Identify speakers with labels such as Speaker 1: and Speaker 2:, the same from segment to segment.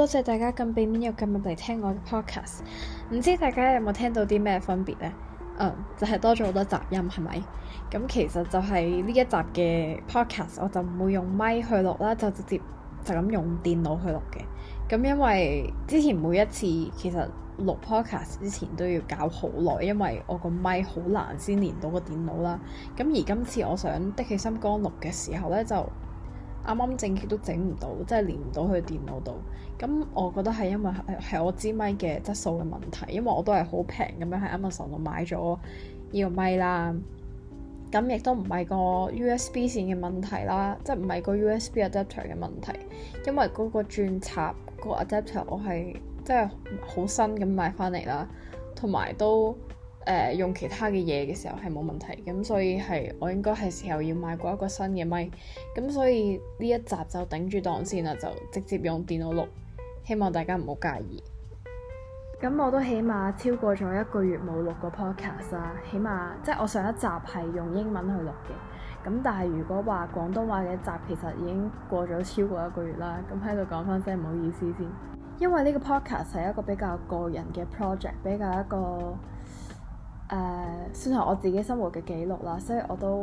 Speaker 1: 多謝大家咁俾面又咁入嚟聽我嘅 podcast，唔知大家有冇聽到啲咩分別呢？嗯、就係、是、多咗好多雜音，係咪？咁其實就係呢一集嘅 podcast，我就唔會用咪去錄啦，就直接就咁用電腦去錄嘅。咁因為之前每一次其實錄 podcast 之前都要搞好耐，因為我個咪好難先連到個電腦啦。咁而今次我想的起心肝錄嘅時候呢，就。啱啱正極都整唔到，即係連唔到佢電腦度。咁我覺得係因為係我支咪嘅質素嘅問題，因為我都係好平咁樣喺 Amazon 度買咗呢個咪啦。咁亦都唔係個 USB 線嘅問題啦，即係唔係個 USB adapter 嘅問題，因為嗰個轉插、個 adapter 我係即係好新咁買翻嚟啦，同埋都。誒、呃、用其他嘅嘢嘅時候係冇問題嘅，咁所以係我應該係時候要買過一個新嘅咪。咁所以呢一集就頂住檔先啦，就直接用電腦錄，希望大家唔好介意。咁我都起碼超過咗一個月冇錄過 podcast 啦，起碼即係我上一集係用英文去錄嘅。咁但係如果話廣東話嘅一集其實已經過咗超過一個月啦，咁喺度講翻聲唔好意思先。因為呢個 podcast 係一個比較個人嘅 project，比較一個。誒、uh, 算係我自己生活嘅記錄啦，所以我都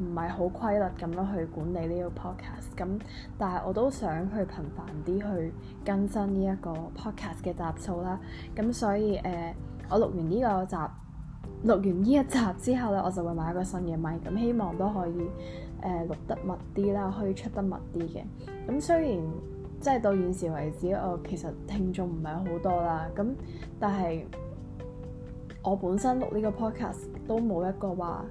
Speaker 1: 唔係好規律咁樣去管理呢個 podcast。咁但係我都想去頻繁啲去更新呢一個 podcast 嘅集數啦。咁所以誒，uh, 我錄完呢個集，錄完呢一集之後咧，我就會買一個新嘅咪。咁希望都可以誒、呃、錄得密啲啦，可以出得密啲嘅。咁雖然即係、就是、到現時為止，我其實聽眾唔係好多啦。咁但係。我本身錄呢個 podcast 都冇一個話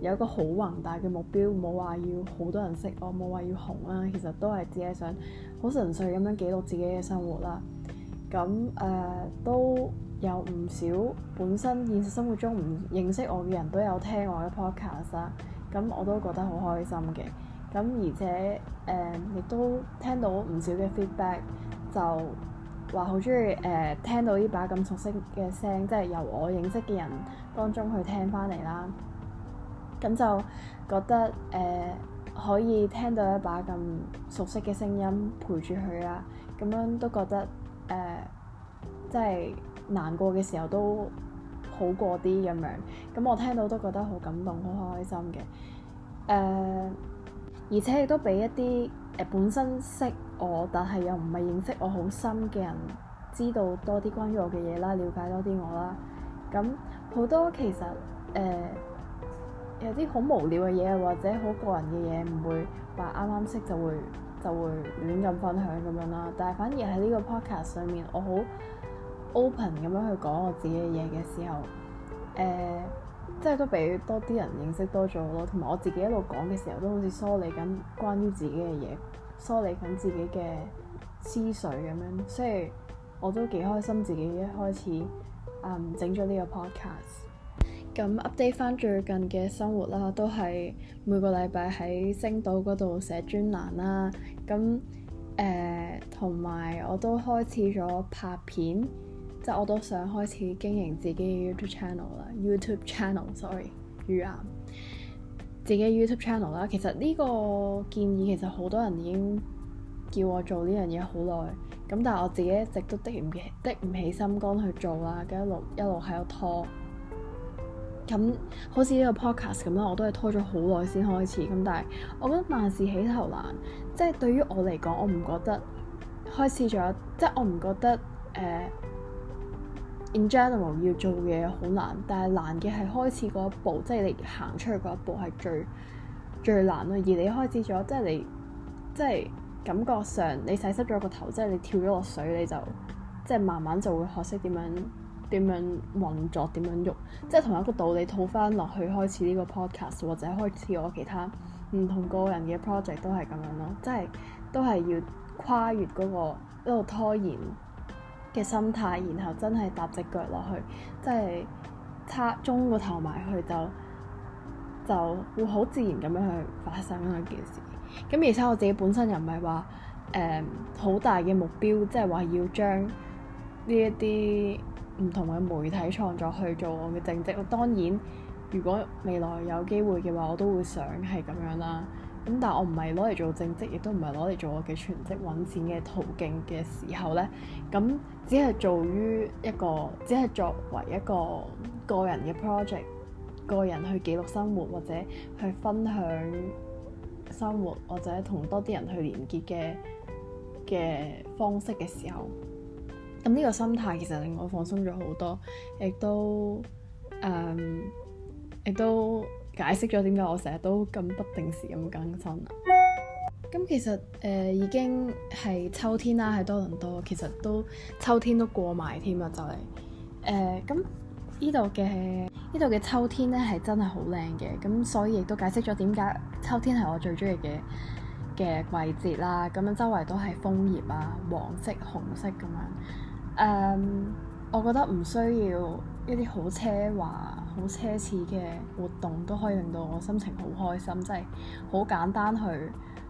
Speaker 1: 有一個好宏大嘅目標，冇話要好多人識我，冇話要紅啦。其實都係只係想好純粹咁樣記錄自己嘅生活啦。咁誒、呃、都有唔少本身現實生活中唔認識我嘅人都有聽我嘅 podcast 啦。咁我都覺得好開心嘅。咁而且誒亦、呃、都聽到唔少嘅 feedback 就。話好中意誒，聽到呢把咁熟悉嘅聲，即係由我認識嘅人當中去聽翻嚟啦。咁就覺得誒、呃，可以聽到一把咁熟悉嘅聲音陪住佢啦。咁樣都覺得誒、呃，即係難過嘅時候都好過啲咁樣。咁我聽到都覺得好感動，好開心嘅。誒、呃。而且亦都俾一啲誒、呃、本身識我，但係又唔係認識我好深嘅人，知道多啲關於我嘅嘢啦，了解多啲我啦。咁好多其實誒、呃、有啲好無聊嘅嘢，或者好個人嘅嘢，唔會話啱啱識就會就會亂咁分享咁樣啦。但係反而喺呢個 podcast 上面，我好 open 咁樣去講我自己嘅嘢嘅時候，誒、呃。都俾多啲人認識多咗咯，同埋我自己一路講嘅時候，都好似梳理緊關於自己嘅嘢，梳理緊自己嘅思緒咁樣，所以我都幾開心自己一開始嗯整咗呢個 podcast。咁 update 翻最近嘅生活啦，都係每個禮拜喺星島嗰度寫專欄啦，咁誒同埋我都開始咗拍片。即我都想開始經營自己嘅 YouTube channel 啦 you。YouTube channel，sorry，語癌自己 YouTube channel 啦。其實呢個建議其實好多人已經叫我做呢樣嘢好耐咁，但係我自己一直都的唔起的唔起心肝去做啦，咁一路一路喺度拖。咁好似呢個 podcast 咁啦，我都係拖咗好耐先開始咁。但係我覺得萬事起頭難，即係對於我嚟講，我唔覺得開始咗，即係我唔覺得誒。呃 In general，要做嘢好難，但係難嘅係開始嗰一步，即係你行出去嗰一步係最最難咯。而你開始咗，即係你即係感覺上你洗濕咗個頭，即係你跳咗落水，你就即係慢慢就會學識點樣點樣運作，點樣喐。即係同一個道理，套翻落去開始呢個 podcast，或者開始我其他唔同個人嘅 project 都係咁樣咯。即係都係要跨越嗰個一路拖延嘅心態，然後真係踏隻腳落去，即係插中個頭埋去，就就會好自然咁樣去發生一件事。咁而且我自己本身又唔係話誒，好大嘅目標，即係話要將呢一啲唔同嘅媒體創作去做我嘅正職。當然，如果未來有機會嘅話，我都會想係咁樣啦。咁但係我唔係攞嚟做正職，亦都唔係攞嚟做我嘅全職揾錢嘅途徑嘅時候呢，咁只係做於一個，只係作為一個個人嘅 project，個人去記錄生活或者去分享生活，或者同多啲人去連結嘅嘅方式嘅時候，咁呢個心態其實令我放鬆咗好多，亦都誒，亦都。嗯解釋咗點解我成日都咁不定時咁更新啊。咁 其實誒、呃、已經係秋天啦，喺多倫多其實都秋天都過埋添啊，就係誒咁呢度嘅呢度嘅秋天咧係真係好靚嘅。咁所以亦都解釋咗點解秋天係我最中意嘅嘅季節啦。咁、嗯、樣周圍都係楓葉啊，黃色、紅色咁樣誒，我覺得唔需要一啲好奢華。好奢侈嘅活動都可以令到我心情好開心，即係好簡單去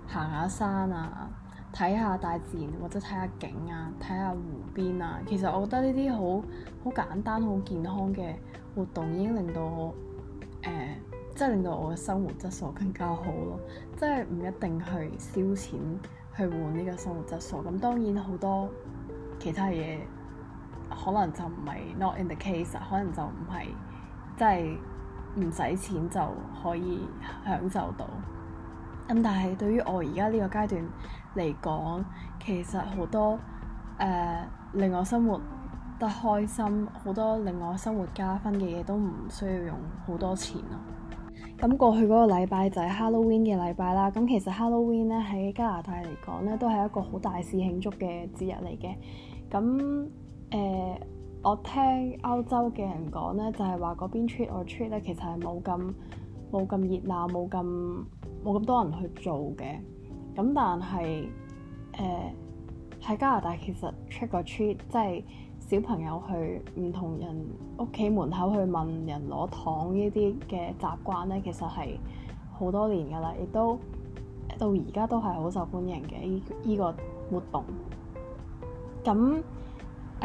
Speaker 1: 行下山啊，睇下大自然或者睇下景啊，睇下湖邊啊。其實我覺得呢啲好好簡單、好健康嘅活動已經令到我誒，即係令到我嘅生活質素更加好咯。即係唔一定去燒錢去換呢個生活質素。咁當然好多其他嘢可能就唔係 not in the case，可能就唔係。即係唔使錢就可以享受到，咁但係對於我而家呢個階段嚟講，其實好多誒、呃、令我生活得開心，好多令我生活加分嘅嘢都唔需要用好多錢咯。咁過去嗰個禮拜就係 Halloween 嘅禮拜啦。咁其實 Halloween 咧，喺加拿大嚟講咧，都係一個好大肆慶祝嘅節日嚟嘅。咁誒。呃我聽歐洲嘅人講咧，就係話嗰邊 trick or treat 咧，其實係冇咁冇咁熱鬧，冇咁冇咁多人去做嘅。咁但係誒喺加拿大，其實 trick or treat 即係小朋友去唔同人屋企門口去問人攞糖呢啲嘅習慣咧，其實係好多年噶啦，亦都到而家都係好受歡迎嘅依依個活動。咁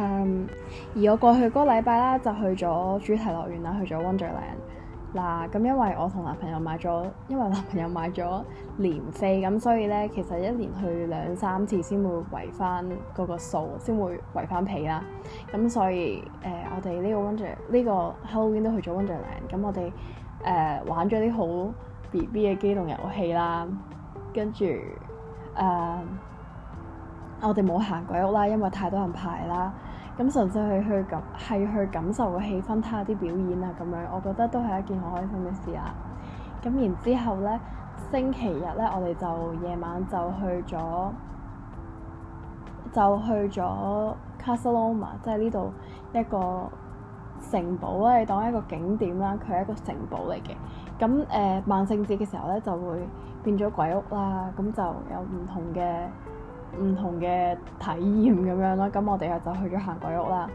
Speaker 1: 嗯，um, 而我過去嗰個禮拜啦，就去咗主題樂園啦，去咗 Wonderland。嗱、啊，咁因為我同男朋友買咗，因為男朋友買咗年飛，咁所以咧，其實一年去兩三次先會圍翻嗰個數，先會圍翻皮啦。咁所以，誒、呃，我哋呢個 Wonder 呢個 Halloween 都去咗 Wonderland。咁我哋誒玩咗啲好 B B 嘅機動遊戲啦，跟住誒我哋冇行鬼屋啦，因為太多人排啦。咁純粹去去感係去感受個氣氛，睇下啲表演啊咁樣，我覺得都係一件好開心嘅事啊。咁然之後呢，星期日呢，我哋就夜晚就去咗，就去咗 Casa Loma 即係呢度一個城堡啦，係當一個景點啦，佢係一個城堡嚟嘅。咁誒萬聖節嘅時候呢，就會變咗鬼屋啦，咁就有唔同嘅。.唔同嘅體驗咁樣啦，咁我哋又就去咗行鬼屋啦。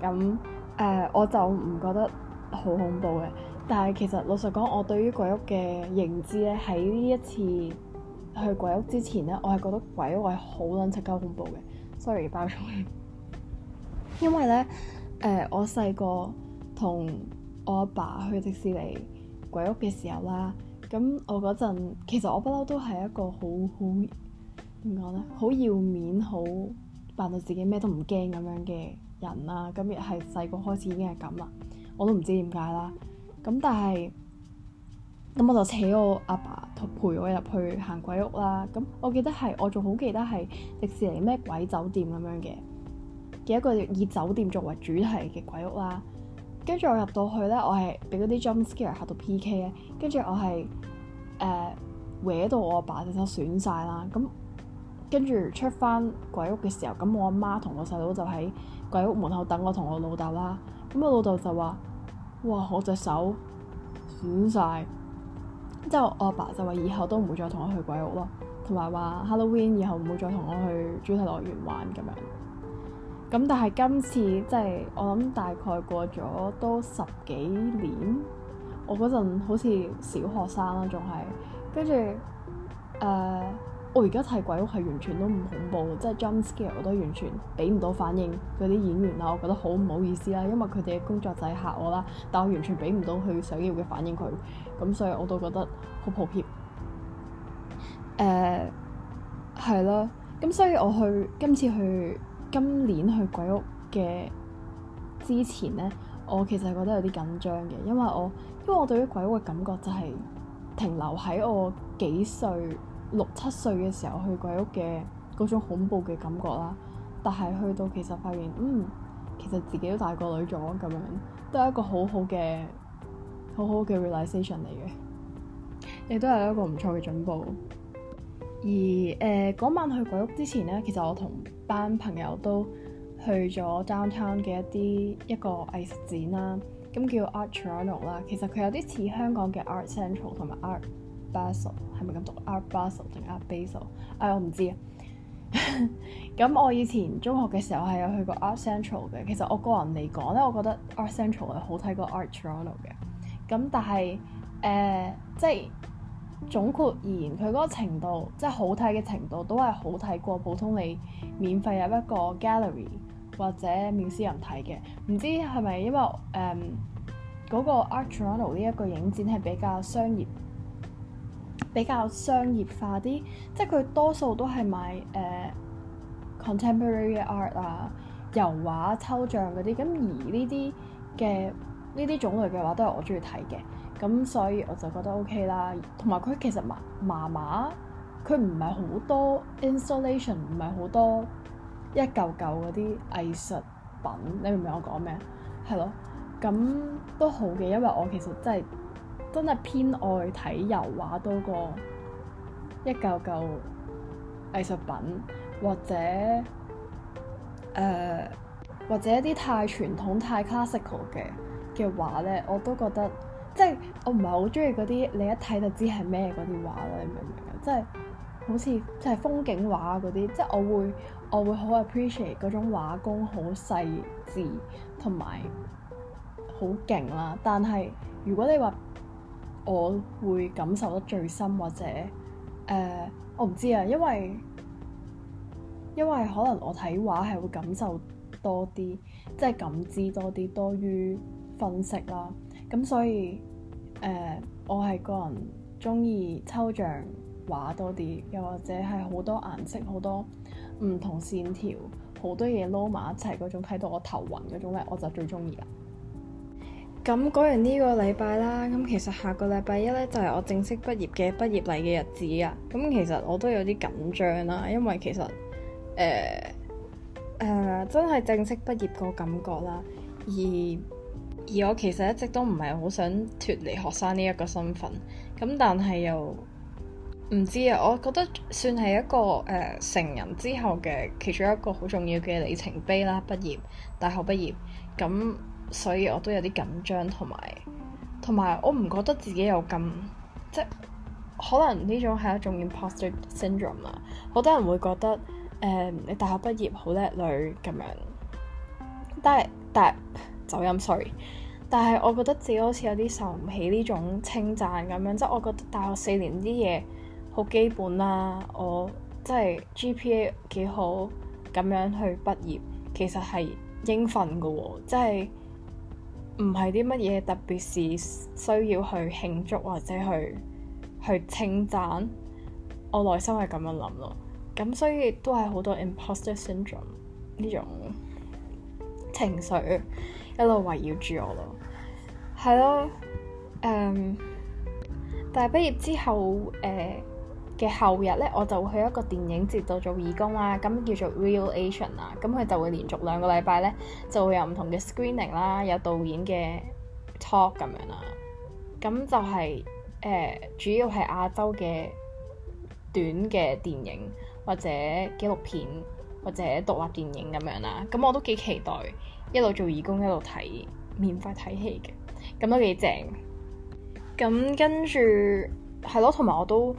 Speaker 1: 咁誒、呃，我就唔覺得好恐怖嘅。但係其實老實講，我對於鬼屋嘅認知咧，喺呢一次去鬼屋之前咧，我係覺得鬼屋係好撚七鳩恐怖嘅。Sorry，爆粗，因為咧誒、呃，我細個同我阿爸，爸去迪士尼鬼屋嘅時候啦，咁我嗰陣其實我不嬲都係一個好好。點講咧，好要面，好扮到自己咩都唔驚咁樣嘅人啦、啊。咁亦係細個開始已經係咁啦。我都唔知點解啦。咁但係咁我就請我阿爸，爸陪我入去行鬼屋啦。咁我記得係，我仲好記得係迪士尼咩鬼酒店咁樣嘅嘅一個以酒店作為主題嘅鬼屋啦。跟住我入到去咧，我係俾嗰啲 jump scare 嚇到 PK 咧。跟住我係誒搲到我阿爸隻手損晒啦。咁跟住出翻鬼屋嘅時候，咁我阿媽同我細佬就喺鬼屋門口等我同我老豆啦。咁我老豆就話：「哇，我隻手損晒！」之後我阿爸就話：以後都唔會再同我去鬼屋咯，同埋話 Halloween 以後唔會再同我去主題樂園玩咁樣。咁但係今次即係我諗大概過咗都十幾年，我嗰陣好似小學生啦，仲係跟住誒。我而家睇鬼屋係完全都唔恐怖，即係 jump scare 我都完全俾唔到反應嗰啲演員啦。我覺得好唔好意思啦，因為佢哋嘅工作就係嚇我啦，但我完全俾唔到佢想要嘅反應佢咁，所以我都覺得好抱歉。誒、uh，係咯。咁所以我去今次去今年去鬼屋嘅之前呢，我其實係覺得有啲緊張嘅，因為我因為我對於鬼屋嘅感覺就係停留喺我幾歲。六七歲嘅時候去鬼屋嘅嗰種恐怖嘅感覺啦，但係去到其實發現，嗯，其實自己都大個女咗咁樣，都係一個好好嘅好好嘅 realization 嚟嘅，亦都有一個唔錯嘅進步。而誒嗰、呃、晚去鬼屋之前呢，其實我同班朋友都去咗 downtown 嘅一啲一個藝術展啦，咁叫 Art Toronto 啦，其實佢有啲似香港嘅 Art Central 同埋 Art Basel 係咪咁讀 Art Basel 定 Art Basel？唉、啊，我唔知啊。咁 我以前中學嘅時候係有去過 Art Central 嘅。其實我個人嚟講咧，我覺得 Art Central 係好睇過 Art Toronto 嘅。咁但係誒、呃，即係總括而言，佢嗰個程度即係好睇嘅程度都係好睇過普通你免費入一個 gallery 或者面試人睇嘅。唔知係咪因為誒嗰、嗯那個 Art Toronto 呢一個影展係比較商業？比較商業化啲，即係佢多數都係買誒、uh, contemporary art 啊、油畫、啊、抽象嗰啲，咁而呢啲嘅呢啲種類嘅話，都係我中意睇嘅，咁所以我就覺得 OK 啦。同埋佢其實麻麻麻，佢唔係好多 installation，唔係好多一嚿嚿嗰啲藝術品，你明唔明我講咩？係咯，咁都好嘅，因為我其實真係。真係偏愛睇油畫多過一嚿嚿藝術品，或者誒、呃，或者一啲太傳統、太 classical 嘅嘅畫咧，我都覺得，即係我唔係好中意嗰啲你一睇就知係咩嗰啲畫啦，你明唔明啊？即係好似即係風景畫嗰啲，即係我會我會好 appreciate 嗰種畫工好細緻同埋好勁啦。但係如果你話，我會感受得最深，或者誒、呃，我唔知啊，因為因為可能我睇畫係會感受多啲，即係感知多啲，多於分析啦。咁所以誒、呃，我係個人中意抽象畫多啲，又或者係好多顏色、好多唔同線條、好多嘢撈埋一齊嗰種，睇到我頭暈嗰種咧，我就最中意啦。咁講完呢個禮拜啦，咁其實下個禮拜一呢，就係我正式畢業嘅畢業禮嘅日子啊！咁其實我都有啲緊張啦，因為其實誒誒真係正式畢業個感覺啦，而而我其實一直都唔係好想脫離學生呢一個身份，咁但係又唔知啊！我覺得算係一個誒成人之後嘅其中一個好重要嘅里程碑啦，畢業，大學畢業，咁。所以我都有啲緊張，同埋同埋我唔覺得自己有咁即可能呢種係一種 imposter syndrome 啦。好多人會覺得誒、嗯、你大學畢業好叻女咁樣，但係但係走音 sorry，但係我覺得自己好似有啲受唔起呢種稱讚咁樣，即係我覺得大學四年啲嘢好基本啦，我即係 GPA 幾好咁樣去畢業，其實係應份㗎喎，即係。唔係啲乜嘢特別事需要去慶祝或者去去稱讚，我內心係咁樣諗咯。咁所以都係好多 imposter syndrome 呢種情緒一路圍繞住我咯。係咯，但、um，大畢業之後誒。Uh, 嘅後日呢，我就去一個電影節度做義工啦、啊。咁叫做 Real Asian 啊，咁佢就會連續兩個禮拜呢，就會有唔同嘅 screening 啦、啊，有導演嘅 talk 咁樣啦、啊。咁就係、是、誒、呃，主要係亞洲嘅短嘅電影或者紀錄片或者獨立電影咁樣啦、啊。咁我都幾期待一路做義工，一路睇免費睇戲嘅，咁都幾正。咁跟住係咯，同埋我都。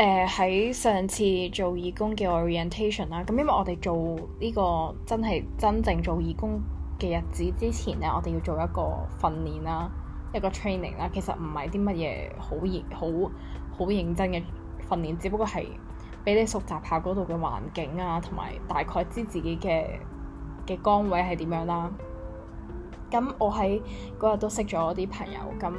Speaker 1: 誒喺、呃、上次做義工嘅 orientation 啦，咁因為我哋做呢個真係真正做義工嘅日子之前咧，我哋要做一個訓練啦，一個 training 啦，其實唔係啲乜嘢好認好好認真嘅訓練，只不過係俾你熟習下嗰度嘅環境啊，同埋大概知自己嘅嘅崗位係點樣啦。咁我喺嗰日都識咗啲朋友，咁誒、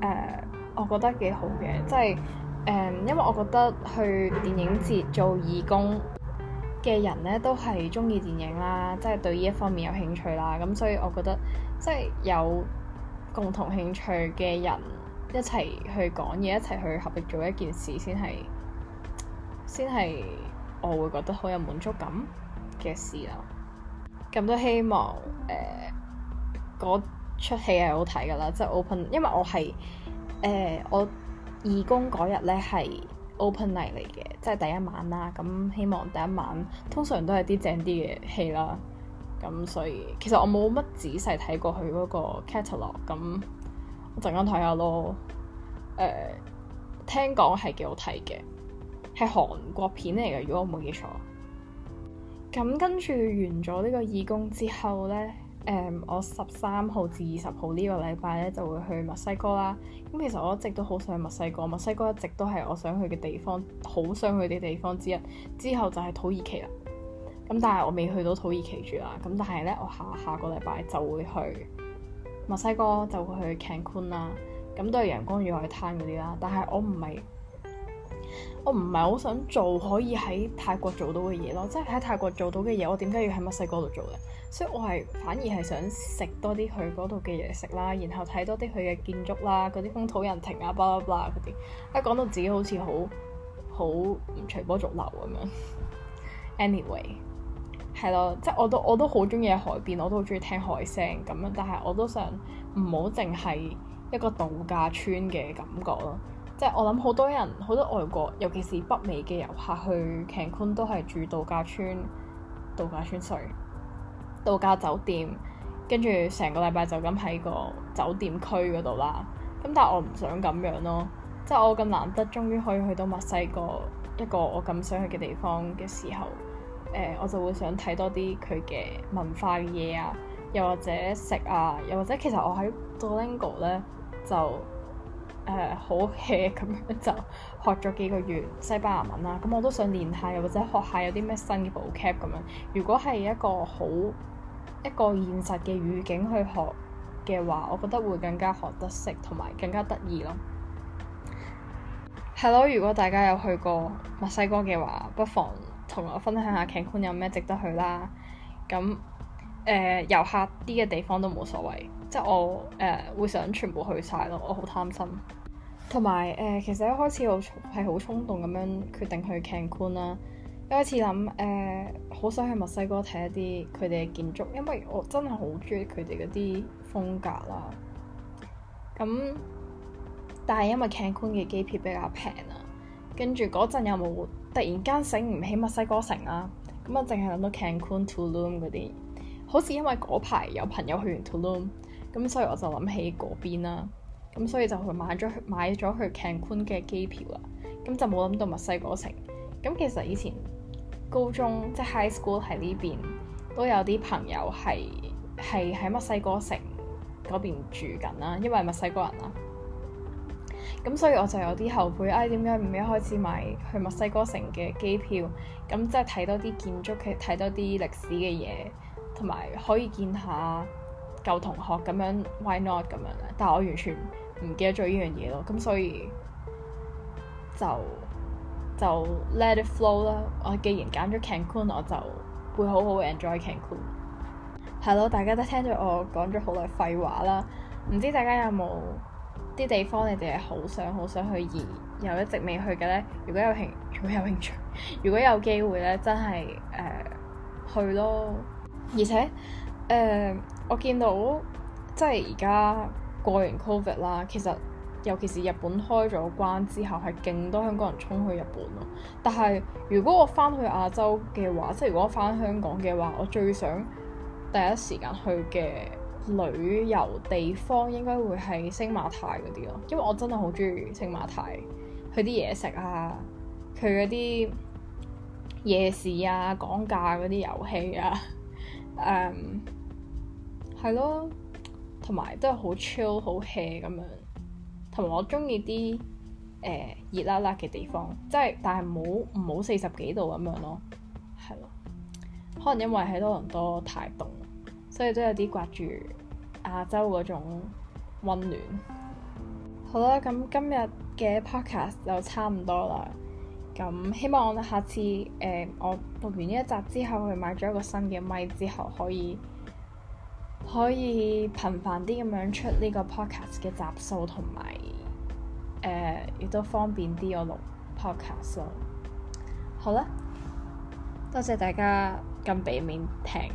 Speaker 1: 呃，我覺得幾好嘅，即係。誒，um, 因為我覺得去電影節做義工嘅人咧，都係中意電影啦，即係對呢一方面有興趣啦。咁所以我覺得，即係有共同興趣嘅人一齊去講嘢，一齊去合力做一件事，先係先係我會覺得好有滿足感嘅事啦。咁都希望誒嗰，呃，出戲係好睇噶啦，即係 open，因為我係誒，呃，我。義工嗰日咧係 open night 嚟嘅，即係第一晚啦。咁、嗯、希望第一晚通常都係啲正啲嘅戲啦。咁、嗯、所以其實我冇乜仔細睇過佢嗰個 catalog、嗯。咁我陣間睇下咯。誒、呃，聽講係幾好睇嘅，係韓國片嚟嘅，如果我冇記錯。咁、嗯、跟住完咗呢個義工之後咧。誒，um, 我十三號至二十號呢個禮拜咧就會去墨西哥啦。咁其實我一直都好想去墨西哥，墨西哥一直都係我想去嘅地方，好想去嘅地方之一。之後就係土耳其啦。咁但係我未去到土耳其住啦。咁但係呢，我下下個禮拜就會去墨西哥，就會去 Cancun 啦。咁都係陽光與海灘嗰啲啦。但係我唔係，我唔係好想做可以喺泰國做到嘅嘢咯。即係喺泰國做到嘅嘢，我點解要喺墨西哥度做呢？所以我係反而係想多食多啲佢嗰度嘅嘢食啦，然後睇多啲佢嘅建築啦，嗰啲風土人情啊，巴拉巴拉嗰啲。一講到自己好似好好唔隨波逐流咁樣。anyway，係咯，即係我都我都好中意喺海邊，我都好中意聽海聲咁樣，但係我都想唔好淨係一個度假村嘅感覺咯。即係我諗好多人，好多外國，尤其是北美嘅遊客去、Can、c a n c o n 都係住度假村，度假村睡。度假酒店，跟住成個禮拜就咁喺個酒店區嗰度啦。咁但係我唔想咁樣咯，即係我咁難得，終於可以去到墨西哥一個我咁想去嘅地方嘅時候，誒、呃、我就會想睇多啲佢嘅文化嘅嘢啊，又或者食啊，又或者其實我喺 Duolingo 咧就誒好 hea 咁樣就學咗幾個月西班牙文啦。咁、嗯、我都想練下，又或者學下有啲咩新嘅補 cap 咁樣。如果係一個好一個現實嘅語境去學嘅話，我覺得會更加學得識，同埋更加得意咯。係咯，如果大家有去過墨西哥嘅話，不妨同我分享下 Cancun 有咩值得去啦。咁誒、呃、遊客啲嘅地方都冇所謂，即、就、係、是、我誒、呃、會想全部去晒咯，我好貪心。同埋誒，其實一開始我係好衝動咁樣決定去 Cancun 啦。第一次始諗誒，好、呃、想去墨西哥睇一啲佢哋嘅建築，因為我真係好中意佢哋嗰啲風格啦。咁但係因為 Cancun 嘅機票比較平啊，跟住嗰陣又冇突然間醒唔起墨西哥城啦。咁啊，淨係諗到 Cancun、Tulum 嗰啲，好似因為嗰排有朋友去完 Tulum，咁所以我就諗起嗰邊啦。咁所以就買買去買咗買咗去 Cancun 嘅機票啦。咁就冇諗到墨西哥城。咁其實以前。高中即係、就是、high school 喺呢邊都有啲朋友係係喺墨西哥城嗰邊住緊啦，因為墨西哥人啦，咁所以我就有啲後悔，哎點解唔一開始買去墨西哥城嘅機票，咁即係睇多啲建築嘅，睇多啲歷史嘅嘢，同埋可以見下舊同學咁樣 why not 咁樣，咧？但係我完全唔記得咗呢樣嘢咯，咁所以就。就 let it flow 啦！我既然揀咗 Cancun，我就會好好 enjoy Cancun。係咯，大家都聽咗我講咗好耐廢話啦。唔知大家有冇啲地方你哋係好想好想去而又一直未去嘅呢？如果有興如果有興趣，如果有機會呢，真係誒、呃、去咯！而且誒、呃，我見到即係而家過完 COVID 啦，其實。尤其是日本開咗關之後，係勁多香港人衝去日本咯。但係如果我翻去亞洲嘅話，即係如果翻香港嘅話，我最想第一時間去嘅旅遊地方應該會係星馬泰嗰啲咯，因為我真係好中意星馬泰，佢啲嘢食啊，佢嗰啲夜市啊、講價嗰啲遊戲啊，誒、 um，係咯，同埋都係好 chill、好 hea 咁樣。同埋我中意啲誒熱辣辣嘅地方，即係但係冇唔好四十幾度咁樣咯，係咯。可能因為喺多倫多太凍，所以都有啲掛住亞洲嗰種溫暖。 好啦，咁今日嘅 podcast 就差唔多啦。咁希望我下次誒、呃、我錄完呢一集之後，去買咗一個新嘅咪之後，可以。可以頻繁啲咁樣出呢個 podcast 嘅集數，同埋誒亦都方便啲我錄 podcast 咯。好啦，多謝大家咁俾面聽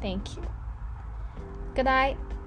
Speaker 1: ，Thank you。Good night。